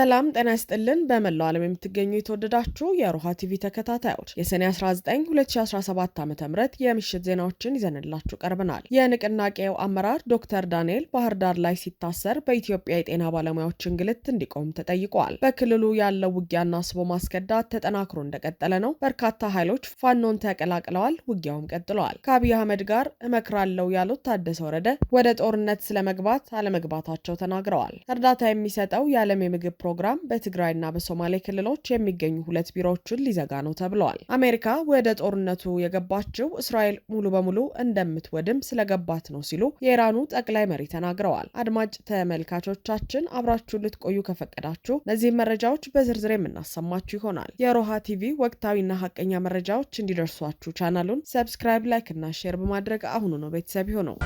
ሰላም ጤና ይስጥልን። በመላው ዓለም የምትገኙ የተወደዳችሁ የሮሃ ቲቪ ተከታታዮች የሰኔ 19 2017 ዓ ም የምሽት ዜናዎችን ይዘንላችሁ ቀርበናል። የንቅናቄው አመራር ዶክተር ዳንኤል ባህር ዳር ላይ ሲታሰር በኢትዮጵያ የጤና ባለሙያዎች እንግልት እንዲቆም ተጠይቋል። በክልሉ ያለው ውጊያና ስቦ ማስከዳት ተጠናክሮ እንደቀጠለ ነው። በርካታ ኃይሎች ፋኖን ተቀላቅለዋል። ውጊያውም ቀጥለዋል። ከአብይ አህመድ ጋር እመክራለሁ ያሉት ታደሰ ወረደ ወደ ጦርነት ስለመግባት አለመግባታቸው ተናግረዋል። እርዳታ የሚሰጠው የዓለም የምግብ ፕሮግራም በትግራይና በሶማሌ ክልሎች የሚገኙ ሁለት ቢሮዎችን ሊዘጋ ነው ተብለዋል። አሜሪካ ወደ ጦርነቱ የገባችው እስራኤል ሙሉ በሙሉ እንደምትወድም ስለገባት ነው ሲሉ የኢራኑ ጠቅላይ መሪ ተናግረዋል። አድማጭ ተመልካቾቻችን አብራችሁ ልትቆዩ ከፈቀዳችሁ እነዚህ መረጃዎች በዝርዝር የምናሰማችሁ ይሆናል። የሮሃ ቲቪ ወቅታዊና ሀቀኛ መረጃዎች እንዲደርሷችሁ ቻናሉን ሰብስክራይብ፣ ላይክ እና ሼር በማድረግ አሁኑ ነው ቤተሰብ ይሆነው።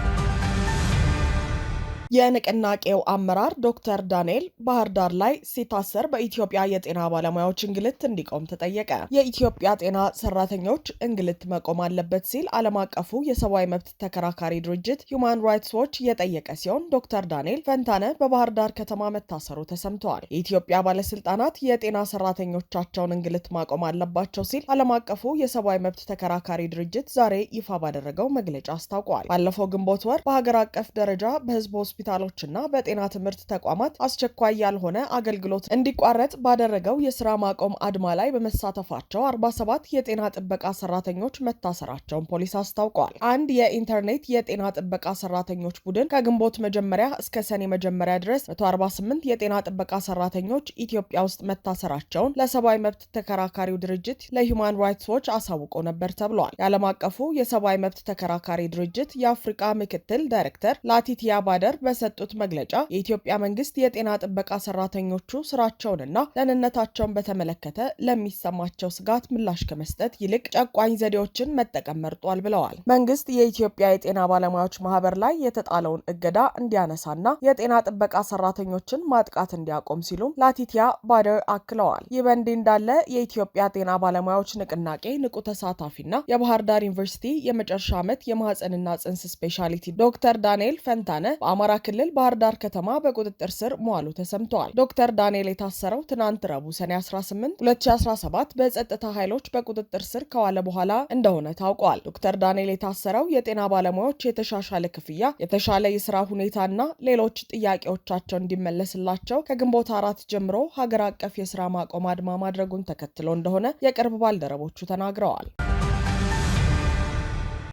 የንቅናቄው አመራር ዶክተር ዳንኤል ባህር ዳር ላይ ሲታሰር በኢትዮጵያ የጤና ባለሙያዎች እንግልት እንዲቆም ተጠየቀ። የኢትዮጵያ ጤና ሰራተኞች እንግልት መቆም አለበት ሲል ዓለም አቀፉ የሰብአዊ መብት ተከራካሪ ድርጅት ሁማን ራይትስ ዎች የጠየቀ ሲሆን ዶክተር ዳንኤል ፈንታነ በባህር ዳር ከተማ መታሰሩ ተሰምተዋል። የኢትዮጵያ ባለስልጣናት የጤና ሰራተኞቻቸውን እንግልት ማቆም አለባቸው ሲል ዓለም አቀፉ የሰብአዊ መብት ተከራካሪ ድርጅት ዛሬ ይፋ ባደረገው መግለጫ አስታውቋል። ባለፈው ግንቦት ወር በሀገር አቀፍ ደረጃ በህዝብ ሆስፒታሎችና በጤና ትምህርት ተቋማት አስቸኳይ ያልሆነ አገልግሎት እንዲቋረጥ ባደረገው የስራ ማቆም አድማ ላይ በመሳተፋቸው 47 የጤና ጥበቃ ሰራተኞች መታሰራቸውን ፖሊስ አስታውቀዋል። አንድ የኢንተርኔት የጤና ጥበቃ ሰራተኞች ቡድን ከግንቦት መጀመሪያ እስከ ሰኔ መጀመሪያ ድረስ 148 የጤና ጥበቃ ሰራተኞች ኢትዮጵያ ውስጥ መታሰራቸውን ለሰብአዊ መብት ተከራካሪው ድርጅት ለሂውማን ራይትስ ዎች አሳውቆ ነበር ተብሏል። የዓለም አቀፉ የሰብአዊ መብት ተከራካሪ ድርጅት የአፍሪቃ ምክትል ዳይሬክተር ላቲቲያ ባደር በሰጡት መግለጫ የኢትዮጵያ መንግስት የጤና ጥበቃ ሰራተኞቹ ስራቸውንና ደህንነታቸውን በተመለከተ ለሚሰማቸው ስጋት ምላሽ ከመስጠት ይልቅ ጨቋኝ ዘዴዎችን መጠቀም መርጧል ብለዋል። መንግስት የኢትዮጵያ የጤና ባለሙያዎች ማህበር ላይ የተጣለውን እገዳ እንዲያነሳና የጤና ጥበቃ ሰራተኞችን ማጥቃት እንዲያቆም ሲሉም ላቲቲያ ባደር አክለዋል። ይህ በእንዲህ እንዳለ የኢትዮጵያ ጤና ባለሙያዎች ንቅናቄ ንቁ ተሳታፊና የባህር ዳር ዩኒቨርሲቲ የመጨረሻ ዓመት የማህፀንና ጽንስ ስፔሻሊቲ ዶክተር ዳንኤል ፈንታነ በአማራ ክልል ባህር ዳር ከተማ በቁጥጥር ስር መዋሉ ተሰምተዋል። ዶክተር ዳንኤል የታሰረው ትናንት ረቡዕ ሰኔ 18 2017 በጸጥታ ኃይሎች በቁጥጥር ስር ከዋለ በኋላ እንደሆነ ታውቋል። ዶክተር ዳንኤል የታሰረው የጤና ባለሙያዎች የተሻሻለ ክፍያ፣ የተሻለ የስራ ሁኔታና ሌሎች ጥያቄዎቻቸው እንዲመለስላቸው ከግንቦት አራት ጀምሮ ሀገር አቀፍ የስራ ማቆም አድማ ማድረጉን ተከትሎ እንደሆነ የቅርብ ባልደረቦቹ ተናግረዋል።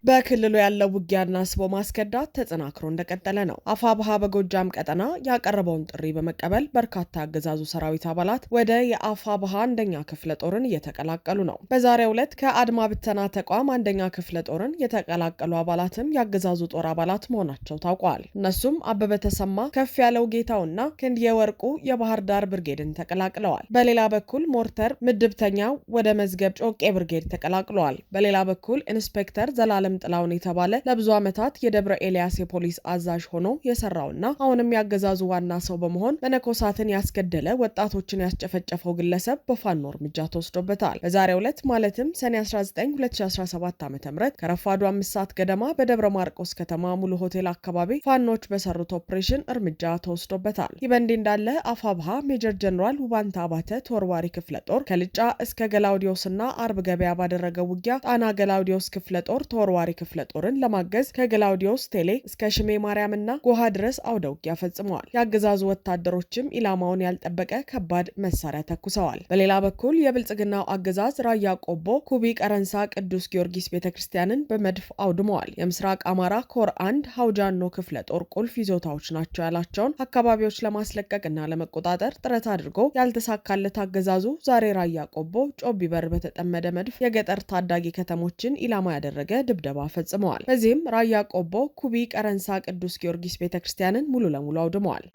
በክልሉ ያለው ውጊያና ስቦ ማስከዳት ተጠናክሮ እንደቀጠለ ነው። አፋብሃ በጎጃም ቀጠና ያቀረበውን ጥሪ በመቀበል በርካታ አገዛዙ ሰራዊት አባላት ወደ የአፋብሃ አንደኛ ክፍለ ጦርን እየተቀላቀሉ ነው። በዛሬው ዕለት ከአድማ ብተና ተቋም አንደኛ ክፍለ ጦርን የተቀላቀሉ አባላትም የአገዛዙ ጦር አባላት መሆናቸው ታውቋል። እነሱም አበበ ተሰማ፣ ከፍ ያለው ጌታውና ክንድ የወርቁ የባህር ዳር ብርጌድን ተቀላቅለዋል። በሌላ በኩል ሞርተር ምድብተኛው ወደ መዝገብ ጮቄ ብርጌድ ተቀላቅለዋል። በሌላ በኩል ኢንስፔክተር ዘላለም አለም ጥላውን የተባለ ለብዙ ዓመታት የደብረ ኤልያስ የፖሊስ አዛዥ ሆኖ የሰራውና አሁንም ያገዛዙ ዋና ሰው በመሆን መነኮሳትን ያስገደለ ወጣቶችን ያስጨፈጨፈው ግለሰብ በፋኖ እርምጃ ተወስዶበታል። በዛሬው ዕለት ማለትም ሰኔ 19 2017 ዓ ም ከረፋዱ አምስት ሰዓት ገደማ በደብረ ማርቆስ ከተማ ሙሉ ሆቴል አካባቢ ፋኖች በሰሩት ኦፕሬሽን እርምጃ ተወስዶበታል። ይህ በእንዲህ እንዳለ አፋብሃ ሜጀር ጀኔራል ውባንታ አባተ ተወርዋሪ ክፍለ ጦር ከልጫ እስከ ገላውዲዮስና አርብ ገበያ ባደረገው ውጊያ ጣና ገላውዲዮስ ክፍለ ጦር ተወርዋሪ ተባባሪ ክፍለ ጦርን ለማገዝ ከግላውዲዮስ ቴሌ እስከ ሽሜ ማርያምና ጎሃ ድረስ አውደውጊያ ፈጽመዋል። የአገዛዙ ወታደሮችም ኢላማውን ያልጠበቀ ከባድ መሳሪያ ተኩሰዋል። በሌላ በኩል የብልጽግናው አገዛዝ ራያ ቆቦ፣ ኩቢ ቀረንሳ፣ ቅዱስ ጊዮርጊስ ቤተ ክርስቲያንን በመድፍ አውድመዋል። የምስራቅ አማራ ኮር አንድ ሀውጃኖ ክፍለ ጦር ቁልፍ ይዞታዎች ናቸው ያላቸውን አካባቢዎች ለማስለቀቅና ለመቆጣጠር ጥረት አድርጎ ያልተሳካለት አገዛዙ ዛሬ ራያ ቆቦ ጮቢ በር በተጠመደ መድፍ የገጠር ታዳጊ ከተሞችን ኢላማ ያደረገ ድብደ ድብደባ ፈጽመዋል። በዚህም ራያ ቆቦ ኩቢ ቀረንሳ ቅዱስ ጊዮርጊስ ቤተክርስቲያንን ሙሉ ለሙሉ አውድመዋል።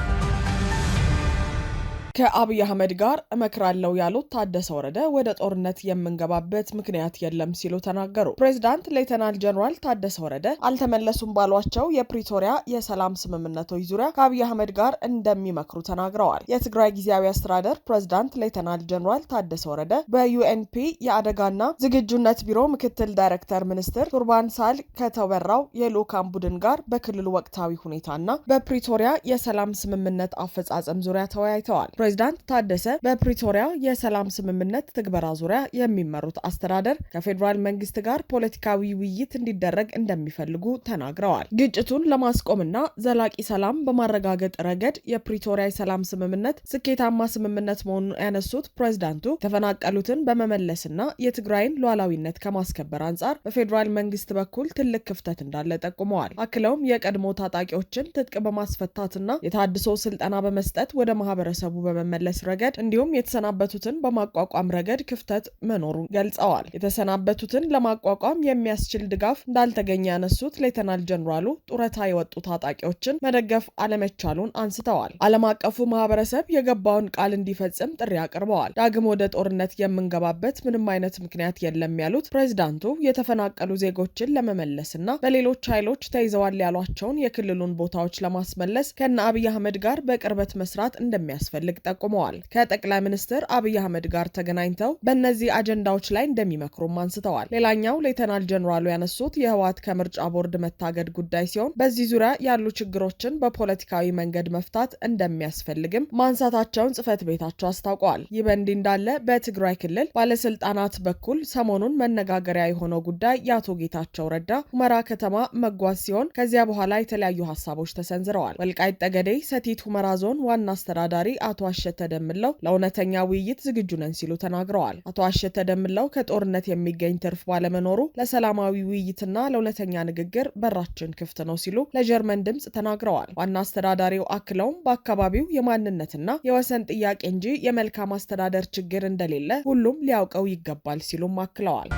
ከአብይ አህመድ ጋር እመክራለሁ ያሉት ታደሰ ወረደ ወደ ጦርነት የምንገባበት ምክንያት የለም ሲሉ ተናገሩ። ፕሬዚዳንት ሌተናል ጀኔራል ታደሰ ወረደ አልተመለሱም ባሏቸው የፕሪቶሪያ የሰላም ስምምነቶች ዙሪያ ከአብይ አህመድ ጋር እንደሚመክሩ ተናግረዋል። የትግራይ ጊዜያዊ አስተዳደር ፕሬዚዳንት ሌተናል ጀኔራል ታደሰ ወረደ በዩኤንፒ የአደጋና ዝግጁነት ቢሮ ምክትል ዳይሬክተር ሚኒስትር ቱርባን ሳል ከተበራው የልኡካን ቡድን ጋር በክልሉ ወቅታዊ ሁኔታና በፕሪቶሪያ የሰላም ስምምነት አፈጻጸም ዙሪያ ተወያይተዋል። ፕሬዚዳንት ታደሰ በፕሪቶሪያ የሰላም ስምምነት ትግበራ ዙሪያ የሚመሩት አስተዳደር ከፌዴራል መንግስት ጋር ፖለቲካዊ ውይይት እንዲደረግ እንደሚፈልጉ ተናግረዋል። ግጭቱን ለማስቆምና ዘላቂ ሰላም በማረጋገጥ ረገድ የፕሪቶሪያ የሰላም ስምምነት ስኬታማ ስምምነት መሆኑን ያነሱት ፕሬዚዳንቱ የተፈናቀሉትን በመመለስና የትግራይን ሉዓላዊነት ከማስከበር አንጻር በፌዴራል መንግስት በኩል ትልቅ ክፍተት እንዳለ ጠቁመዋል። አክለውም የቀድሞ ታጣቂዎችን ትጥቅ በማስፈታትና የታድሶ ስልጠና በመስጠት ወደ ማህበረሰቡ በመመለስ ረገድ እንዲሁም የተሰናበቱትን በማቋቋም ረገድ ክፍተት መኖሩን ገልጸዋል። የተሰናበቱትን ለማቋቋም የሚያስችል ድጋፍ እንዳልተገኘ ያነሱት ሌተናል ጀኔራሉ ጡረታ የወጡ ታጣቂዎችን መደገፍ አለመቻሉን አንስተዋል። ዓለም አቀፉ ማህበረሰብ የገባውን ቃል እንዲፈጽም ጥሪ አቅርበዋል። ዳግም ወደ ጦርነት የምንገባበት ምንም አይነት ምክንያት የለም ያሉት ፕሬዚዳንቱ የተፈናቀሉ ዜጎችን ለመመለስና በሌሎች ኃይሎች ተይዘዋል ያሏቸውን የክልሉን ቦታዎች ለማስመለስ ከነ አብይ አህመድ ጋር በቅርበት መስራት እንደሚያስፈልግ ጠቁመዋል። ከጠቅላይ ሚኒስትር አብይ አህመድ ጋር ተገናኝተው በእነዚህ አጀንዳዎች ላይ እንደሚመክሩም አንስተዋል። ሌላኛው ሌተናል ጀኔራሉ ያነሱት የህወሓት ከምርጫ ቦርድ መታገድ ጉዳይ ሲሆን በዚህ ዙሪያ ያሉ ችግሮችን በፖለቲካዊ መንገድ መፍታት እንደሚያስፈልግም ማንሳታቸውን ጽህፈት ቤታቸው አስታውቀዋል። ይህ በእንዲህ እንዳለ በትግራይ ክልል ባለስልጣናት በኩል ሰሞኑን መነጋገሪያ የሆነው ጉዳይ የአቶ ጌታቸው ረዳ ሁመራ ከተማ መጓዝ ሲሆን ከዚያ በኋላ የተለያዩ ሀሳቦች ተሰንዝረዋል። ወልቃይት ጠገዴ ሰቲት ሁመራ ዞን ዋና አስተዳዳሪ አቶ አሸተ ደምለው ለእውነተኛ ውይይት ዝግጁ ነን ሲሉ ተናግረዋል። አቶ አሸተ ደምለው ከጦርነት የሚገኝ ትርፍ ባለመኖሩ ለሰላማዊ ውይይትና ለእውነተኛ ንግግር በራችን ክፍት ነው ሲሉ ለጀርመን ድምፅ ተናግረዋል። ዋና አስተዳዳሪው አክለውም በአካባቢው የማንነትና የወሰን ጥያቄ እንጂ የመልካም አስተዳደር ችግር እንደሌለ ሁሉም ሊያውቀው ይገባል ሲሉም አክለዋል።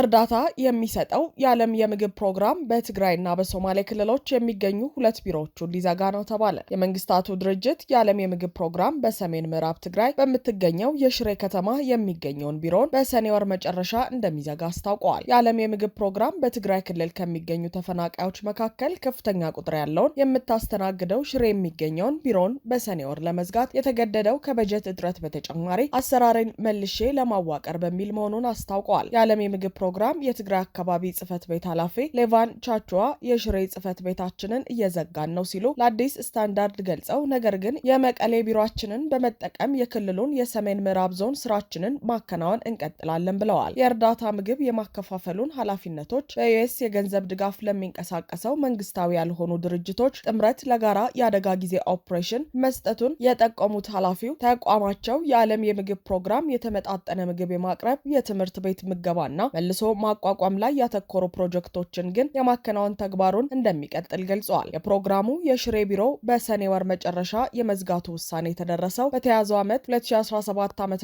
እርዳታ የሚሰጠው የዓለም የምግብ ፕሮግራም በትግራይና በሶማሌ ክልሎች የሚገኙ ሁለት ቢሮዎቹን ሊዘጋ ነው ተባለ። የመንግስታቱ ድርጅት የዓለም የምግብ ፕሮግራም በሰሜን ምዕራብ ትግራይ በምትገኘው የሽሬ ከተማ የሚገኘውን ቢሮውን በሰኔ ወር መጨረሻ እንደሚዘጋ አስታውቀዋል። የዓለም የምግብ ፕሮግራም በትግራይ ክልል ከሚገኙ ተፈናቃዮች መካከል ከፍተኛ ቁጥር ያለውን የምታስተናግደው ሽሬ የሚገኘውን ቢሮውን በሰኔ ወር ለመዝጋት የተገደደው ከበጀት እጥረት በተጨማሪ አሰራርን መልሼ ለማዋቀር በሚል መሆኑን አስታውቀዋል። የዓለም የምግብ ፕሮግራም የትግራይ አካባቢ ጽህፈት ቤት ኃላፊ ሌቫን ቻቹዋ የሽሬ ጽህፈት ቤታችንን እየዘጋን ነው ሲሉ ለአዲስ ስታንዳርድ ገልጸው፣ ነገር ግን የመቀሌ ቢሮችንን በመጠቀም የክልሉን የሰሜን ምዕራብ ዞን ስራችንን ማከናወን እንቀጥላለን ብለዋል። የእርዳታ ምግብ የማከፋፈሉን ኃላፊነቶች በዩኤስ የገንዘብ ድጋፍ ለሚንቀሳቀሰው መንግስታዊ ያልሆኑ ድርጅቶች ጥምረት ለጋራ የአደጋ ጊዜ ኦፕሬሽን መስጠቱን የጠቆሙት ኃላፊው ተቋማቸው የዓለም የምግብ ፕሮግራም የተመጣጠነ ምግብ የማቅረብ የትምህርት ቤት ምገባና መልሶ መልሶ ማቋቋም ላይ ያተኮሩ ፕሮጀክቶችን ግን የማከናወን ተግባሩን እንደሚቀጥል ገልጸዋል። የፕሮግራሙ የሽሬ ቢሮ በሰኔ ወር መጨረሻ የመዝጋቱ ውሳኔ የተደረሰው በተያዘው ዓመት 2017 ዓ ም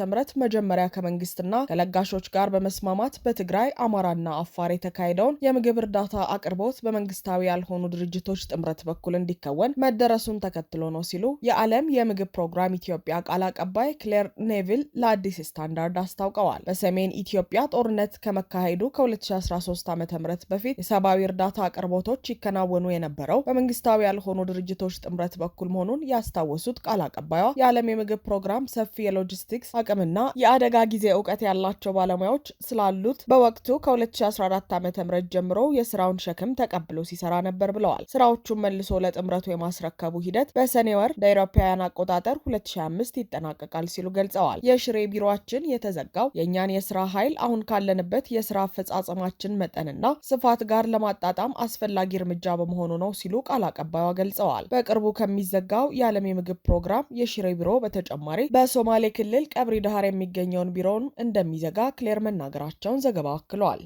መጀመሪያ ከመንግስትና ከለጋሾች ጋር በመስማማት በትግራይ አማራና አፋር የተካሄደውን የምግብ እርዳታ አቅርቦት በመንግስታዊ ያልሆኑ ድርጅቶች ጥምረት በኩል እንዲከወን መደረሱን ተከትሎ ነው ሲሉ የዓለም የምግብ ፕሮግራም ኢትዮጵያ ቃል አቀባይ ክሌር ኔቪል ለአዲስ ስታንዳርድ አስታውቀዋል። በሰሜን ኢትዮጵያ ጦርነት ከመካ መካሄዱ ከ2013 ዓ ም በፊት የሰብአዊ እርዳታ አቅርቦቶች ይከናወኑ የነበረው በመንግስታዊ ያልሆኑ ድርጅቶች ጥምረት በኩል መሆኑን ያስታወሱት ቃል አቀባይዋ የዓለም የምግብ ፕሮግራም ሰፊ የሎጂስቲክስ አቅምና የአደጋ ጊዜ እውቀት ያላቸው ባለሙያዎች ስላሉት በወቅቱ ከ2014 ዓ ም ጀምሮ የስራውን ሸክም ተቀብሎ ሲሰራ ነበር ብለዋል። ስራዎቹን መልሶ ለጥምረቱ የማስረከቡ ሂደት በሰኔ ወር እንደ አቆጣጠር 2025 ይጠናቀቃል ሲሉ ገልጸዋል። የሽሬ ቢሮችን የተዘጋው የእኛን የስራ ኃይል አሁን ካለንበት የ የስራ አፈጻጸማችን መጠንና ስፋት ጋር ለማጣጣም አስፈላጊ እርምጃ በመሆኑ ነው ሲሉ ቃል አቀባዩ ገልጸዋል። በቅርቡ ከሚዘጋው የዓለም የምግብ ፕሮግራም የሽሬ ቢሮ በተጨማሪ በሶማሌ ክልል ቀብሪ ዳሃር የሚገኘውን ቢሮውን እንደሚዘጋ ክሌር መናገራቸውን ዘገባ አክሏል።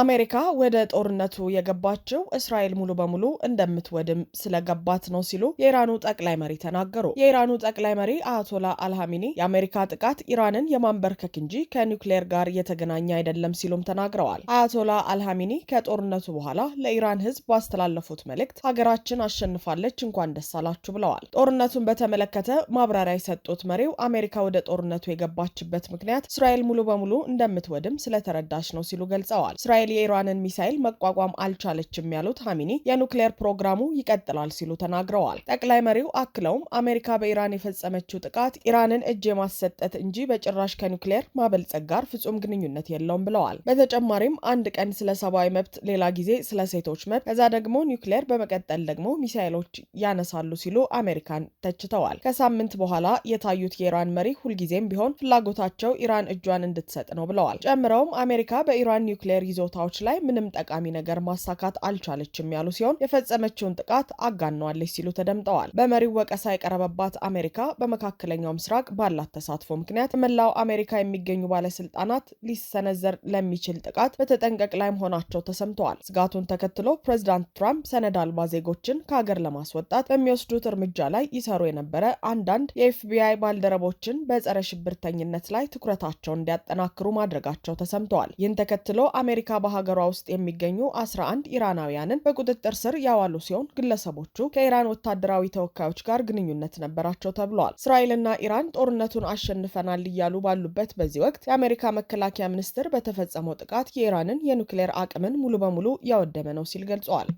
አሜሪካ ወደ ጦርነቱ የገባችው እስራኤል ሙሉ በሙሉ እንደምትወድም ስለገባት ነው ሲሉ የኢራኑ ጠቅላይ መሪ ተናገሩ። የኢራኑ ጠቅላይ መሪ አያቶላ አልሃሚኒ የአሜሪካ ጥቃት ኢራንን የማንበርከክ እንጂ ከኒውክሌር ጋር የተገናኘ አይደለም ሲሉም ተናግረዋል። አያቶላ አልሃሚኒ ከጦርነቱ በኋላ ለኢራን ሕዝብ ባስተላለፉት መልእክት ሀገራችን አሸንፋለች እንኳን ደስ አላችሁ ብለዋል። ጦርነቱን በተመለከተ ማብራሪያ የሰጡት መሪው አሜሪካ ወደ ጦርነቱ የገባችበት ምክንያት እስራኤል ሙሉ በሙሉ እንደምትወድም ስለተረዳች ነው ሲሉ ገልጸዋል። እስራኤል የኢራንን ሚሳይል መቋቋም አልቻለችም ያሉት ሀሚኒ የኑክሌር ፕሮግራሙ ይቀጥላል ሲሉ ተናግረዋል። ጠቅላይ መሪው አክለውም አሜሪካ በኢራን የፈጸመችው ጥቃት ኢራንን እጅ የማሰጠት እንጂ በጭራሽ ከኑክሌር ማበልጸግ ጋር ፍጹም ግንኙነት የለውም ብለዋል። በተጨማሪም አንድ ቀን ስለ ሰብአዊ መብት፣ ሌላ ጊዜ ስለ ሴቶች መብት፣ ከዛ ደግሞ ኒውክሌር፣ በመቀጠል ደግሞ ሚሳይሎች ያነሳሉ ሲሉ አሜሪካን ተችተዋል። ከሳምንት በኋላ የታዩት የኢራን መሪ ሁልጊዜም ቢሆን ፍላጎታቸው ኢራን እጇን እንድትሰጥ ነው ብለዋል። ጨምረውም አሜሪካ በኢራን ኒውክሌር ይዞ ችሎታዎች ላይ ምንም ጠቃሚ ነገር ማሳካት አልቻለችም ያሉ ሲሆን የፈጸመችውን ጥቃት አጋነዋለች ሲሉ ተደምጠዋል። በመሪው ወቀሳ የቀረበባት አሜሪካ በመካከለኛው ምስራቅ ባላት ተሳትፎ ምክንያት መላው አሜሪካ የሚገኙ ባለስልጣናት ሊሰነዘር ለሚችል ጥቃት በተጠንቀቅ ላይ መሆናቸው ተሰምተዋል። ስጋቱን ተከትሎ ፕሬዚዳንት ትራምፕ ሰነድ አልባ ዜጎችን ከሀገር ለማስወጣት በሚወስዱት እርምጃ ላይ ይሰሩ የነበረ አንዳንድ የኤፍቢአይ ባልደረቦችን በጸረ ሽብርተኝነት ላይ ትኩረታቸውን እንዲያጠናክሩ ማድረጋቸው ተሰምተዋል። ይህን ተከትሎ አሜሪካ በሀገሯ ውስጥ የሚገኙ 11 ኢራናውያንን በቁጥጥር ስር ያዋሉ ሲሆን ግለሰቦቹ ከኢራን ወታደራዊ ተወካዮች ጋር ግንኙነት ነበራቸው ተብለዋል። እስራኤልና ኢራን ጦርነቱን አሸንፈናል እያሉ ባሉበት በዚህ ወቅት የአሜሪካ መከላከያ ሚኒስትር በተፈጸመው ጥቃት የኢራንን የኑክሌር አቅምን ሙሉ በሙሉ ያወደመ ነው ሲል ገልጸዋል።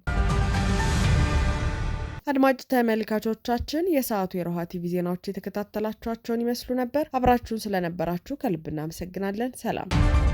አድማጭ ተመልካቾቻችን የሰዓቱ የሮሃ ቲቪ ዜናዎች የተከታተላችኋቸውን ይመስሉ ነበር። አብራችሁን ስለነበራችሁ ከልብ እናመሰግናለን። ሰላም